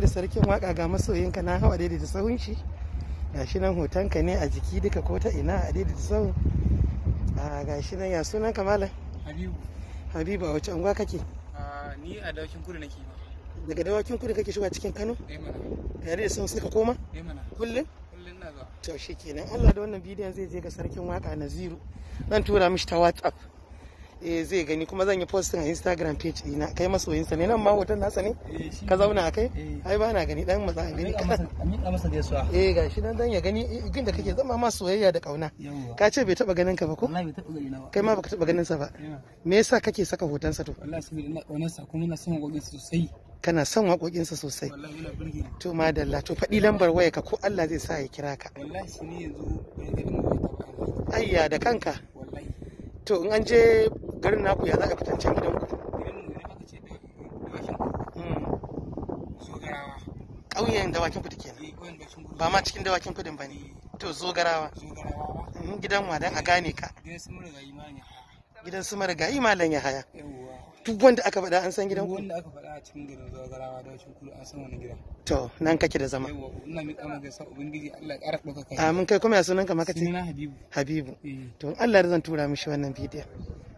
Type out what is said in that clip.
da sarkin waka ga masoyinka na hawa daidaita sahun shi. Gashi nan hotonka ne a jiki duka ko ta ina a daidaita sahun. A gashi nan ya sunan ka malam? Habibu. Habibu a wace unguwa kake? ni a dawakin kudu nake ba. Daga dawakin kudu kake shiga cikin Kano? Eh Tare da sun suka koma? Eh Kullum? Kullum na zuwa. To kenan Allah da wannan bidiyon zai je ga sarkin waka Naziru. Zan tura mishi ta WhatsApp. eh zai gani kuma zan yi posting a Instagram page dina kai masoyinsa ne nan ma hoton nasa ne eh, ka zauna a kai eh. ai ba na gani dan matsa gani ka miƙa masa gaisuwa eh gashi nan dan ya gani eh, gin da kake zama ma soyayya da kauna ka ce bai taba ganin ka ba ko wallahi bai taba ganin ba kai ma baka taba ganin sa ba me yasa kake saka hoton sa to wallahi saboda ina kaunar sa kuma ina son wakokin sa sosai kana son wakokin sa sosai to madalla to faɗi lambar waya ka ko Allah zai sa ya kira ka wallahi shi ne yanzu ayya da kanka to in an je garin naku ya zaga can gidan ku hmm. ƙauyen dawakin kudu kenan eh, ba ma cikin dawakin kudin ba ne eh. to zogarawa hmm, gidan wa wadan a gane ka gidan su marigayi malan ya haya duk wanda aka faɗa an san gidan ku wanda aka faɗa a cikin garin zogarawa da cikin kudu an san wani gidan to nan kake da zama ina mai kama gaisa ubangiji Allah ya ƙara ɗaukaka amin kai kuma ya sunan ka maka ce habibu habibu eh. to Allah ya zan tura mishi wannan bidiyon